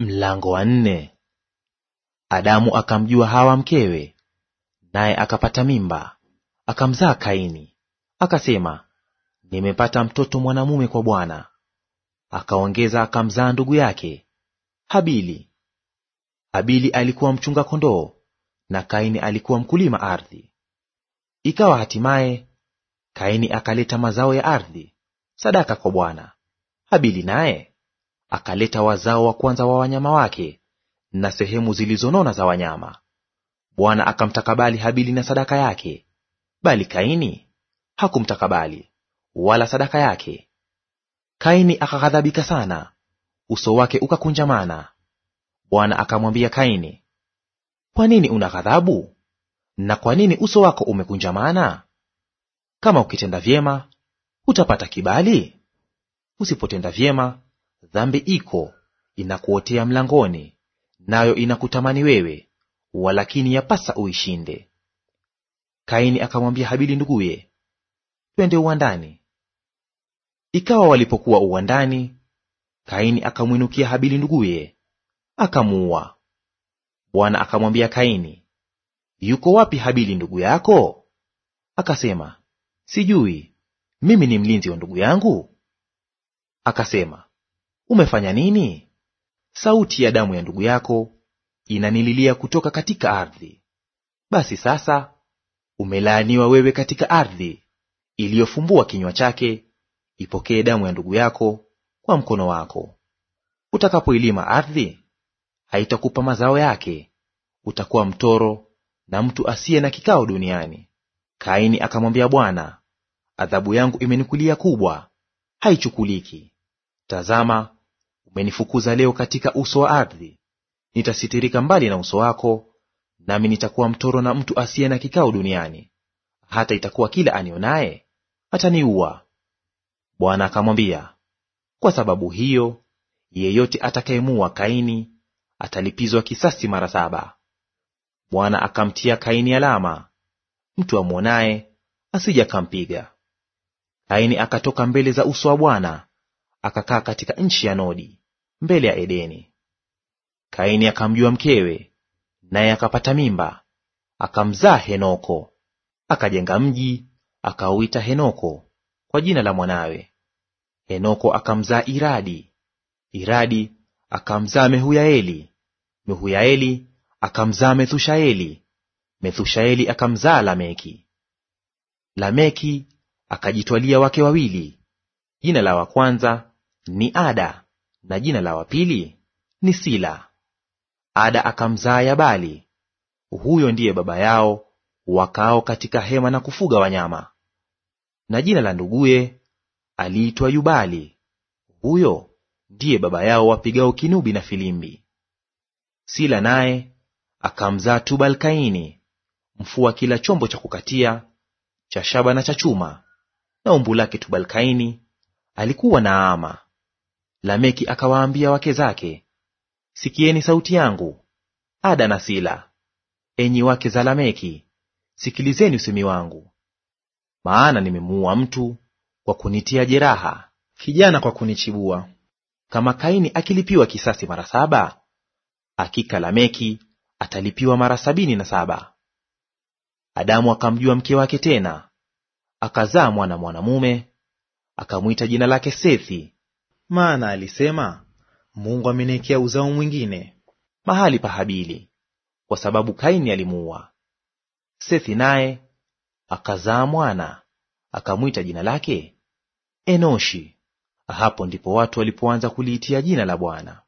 Mlango wa nne. Adamu akamjua Hawa mkewe, naye akapata mimba, akamzaa Kaini, akasema, nimepata mtoto mwanamume kwa Bwana. Akaongeza akamzaa ndugu yake Habili. Habili alikuwa mchunga kondoo na Kaini alikuwa mkulima ardhi. Ikawa hatimaye Kaini akaleta mazao ya ardhi sadaka kwa Bwana, Habili naye akaleta wazao wa kwanza wa wanyama wake na sehemu zilizonona za wanyama. Bwana akamtakabali Habili na sadaka yake, bali Kaini hakumtakabali wala sadaka yake. Kaini akaghadhabika sana, uso wake ukakunjamana. Bwana akamwambia Kaini, kwa nini una ghadhabu na kwa nini uso wako umekunjamana? Kama ukitenda vyema utapata kibali, usipotenda vyema Dhambi iko inakuotea mlangoni, nayo inakutamani wewe, walakini yapasa uishinde. Kaini akamwambia Habili nduguye, twende uwandani. Ikawa walipokuwa uwandani, Kaini akamwinukia Habili nduguye, akamuua. Bwana akamwambia Kaini, yuko wapi Habili ndugu yako? Akasema, sijui, mimi ni mlinzi wa ndugu yangu? Akasema, umefanya nini? Sauti ya damu ya ndugu yako inanililia kutoka katika ardhi. Basi sasa umelaaniwa wewe katika ardhi iliyofumbua kinywa chake, ipokee damu ya ndugu yako kwa mkono wako. Utakapoilima ardhi, haitakupa mazao yake; utakuwa mtoro na mtu asiye na kikao duniani. Kaini akamwambia Bwana, adhabu yangu imenikulia kubwa, haichukuliki. Tazama, umenifukuza leo katika uso wa ardhi, nitasitirika mbali na uso wako, nami nitakuwa mtoro na mtu asiye na kikao duniani, hata itakuwa kila anionaye ataniua. Bwana akamwambia, kwa sababu hiyo yeyote atakayemuua Kaini atalipizwa kisasi mara saba. Bwana akamtia Kaini alama, mtu amwonaye asija akampiga. Kaini akatoka mbele za uso wa Bwana, akakaa katika nchi ya Nodi mbele ya Edeni. Kaini akamjua mkewe, naye akapata mimba, akamzaa Henoko. Akajenga mji, akauita Henoko kwa jina la mwanawe. Henoko akamzaa Iradi, Iradi akamzaa Mehuyaeli, Mehuyaeli akamzaa Methushaeli, Methushaeli akamzaa Lameki. Lameki akajitwalia wake wawili, jina la wa kwanza ni Ada na jina la wapili ni Sila. Ada akamzaa Yabali, huyo ndiye baba yao wakao katika hema na kufuga wanyama. Na jina la nduguye aliitwa Yubali, huyo ndiye baba yao wapigao kinubi na filimbi. Sila naye akamzaa tubalkaini mfua kila chombo cha kukatia cha shaba na cha chuma, na umbu lake tubalkaini alikuwa na ama. Lameki akawaambia wake zake, sikieni sauti yangu, Ada na Sila, enyi wake za Lameki, sikilizeni usemi wangu. Maana nimemuua mtu kwa kunitia jeraha, kijana kwa kunichibua. Kama Kaini akilipiwa kisasi mara saba, hakika Lameki atalipiwa mara sabini na saba. Adamu akamjua mke wake tena, akazaa mwana mwanamume, akamwita jina lake Sethi, maana alisema, Mungu amenekea uzao mwingine mahali pa Habili, kwa sababu Kaini alimuua. Sethi naye akazaa mwana, akamwita jina lake Enoshi. Hapo ndipo watu walipoanza kuliitia jina la Bwana.